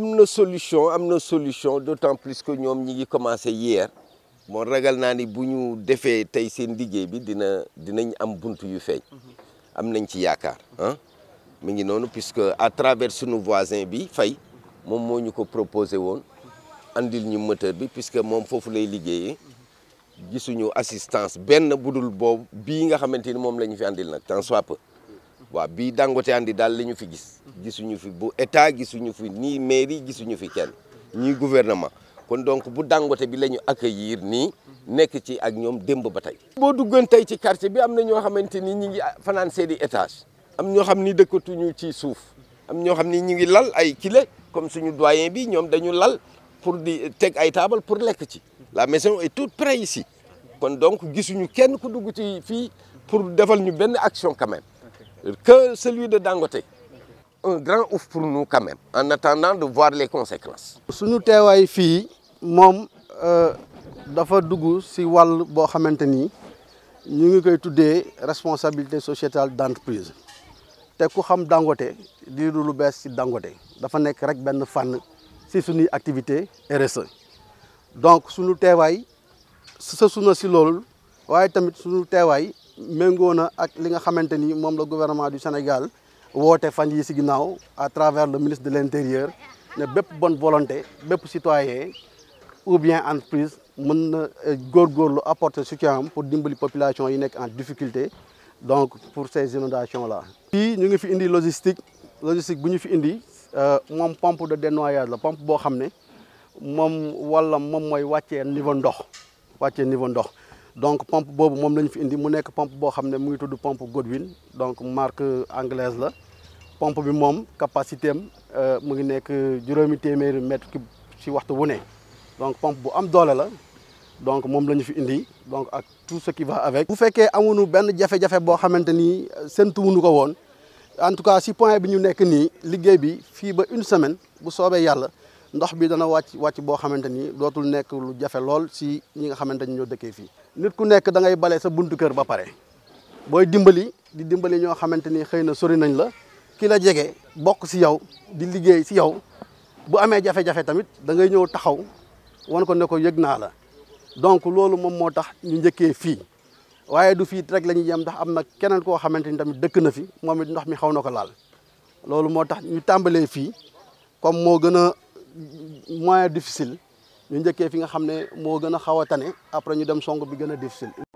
Nous avons solution am solution d'autant plus que nous avons commencé hier Mon ragal n'a ni buñu défé tay seen bi dina dinañ am des yu am ci nous hein? mi ngi puisque à travers nos voisin bi fay mom moo ko andil ñu moteur bi puisque mom fofu lay assistance benn budul bob bi nga fi tant soit bi bii Dangote andi dal liñu fi gis gisunu fi bu état gisunu fi ni mairie gisunu fi kenn ñii gouvernement kon donc bu Dangote bi lañu accueillir ni nekk ci ak ñom demb batay bo boo tay ci quartier bi amna ño xamanteni ñi ngi financer di étage am ño xamni ni dëkkatuñu ci souf am ño xamni ñi ngi lal ay kile comme suñu doyen bi ñom dañu lal pour di tek ay table pour lek ci la maison est tout près ici kon donc gisunu kenn ku dugg ci fi pour defal ñu ben action quand même que celui de Dangote. Un grand ouf pour nous quand même, en attendant de voir les conséquences. suñu teewaay nous moom euh, dafa dugg ci wàll boo une ni ngi koy responsabilité sociétale d'entreprise te ku xam Dangote di lu bees ci Dangote dafa nekk rek benn fan ci suñuy activité RSE donc suñu teewaay ce na ci loolu waaye tamit suñu teewaay méngoo ak li nga xamanteni mom moom la gouvernement du Sénégal woté fan yi ci ginnaw à travers le ministre de l'intérieur né bép bonne volonté bép citoyen ou bien entreprise mën na euh, lu apporter soutien am pour dimbali population yi nek en difficulté donc pour ces inondations là. fii ñu ngi fi indi logistique logistique bu ñu fi indi euh, mom pompe de dénoyage la pompe bo xamné mom wala mom moy wàccee niveau ndox wàccee niveau ndox. donc pompe boobu moom la ñu fi indi mu nekk pompe boo xam ne mu ngi tudd pompe Godwin donc marque anglaise la pompe bi moom capacité am euh, mu ngi nekk juróomi téeméeri mètre ci waxtu wu ne donc pompe bu am doole la donc moom la ñu fi indi donc ak tout ce qui va avec. bu fekkee amuñu benn jafe-jafe boo xamante ni euh, séntuwuñu ko woon en tout cas si point bi ñu nekk nii liggéey bi fii ba une semaine bu soobee yàlla. ndox bi dana wàcc wàcc boo xamante ni dootul nekk lu jafe lool si ñi nga xamante ni ñoo dëkkee fii nit ku nekk da ngay bale sa buntu kër ba pare booy dimbali di dimbali ñoo xamante ni xëy na sori nañ la ki la jege bokk si yow di liggéey si yow bu amee jafe-jafe tamit da ngay ñëw taxaw wan ko ne ko yëg naa la donc loolu moom moo tax ñu njëkkee fii waaye du fii rek la ñuy yem ndax am na keneen koo xamante ni tamit dëkk na fi moom it ndox mi xaw na ko laal loolu moo tax ñu tàmbalee fii comme moo gën a moyen difficile ñu njëkkee fi nga xam ne moo gën a xaw a tane après ñu dem song bi gën a difficile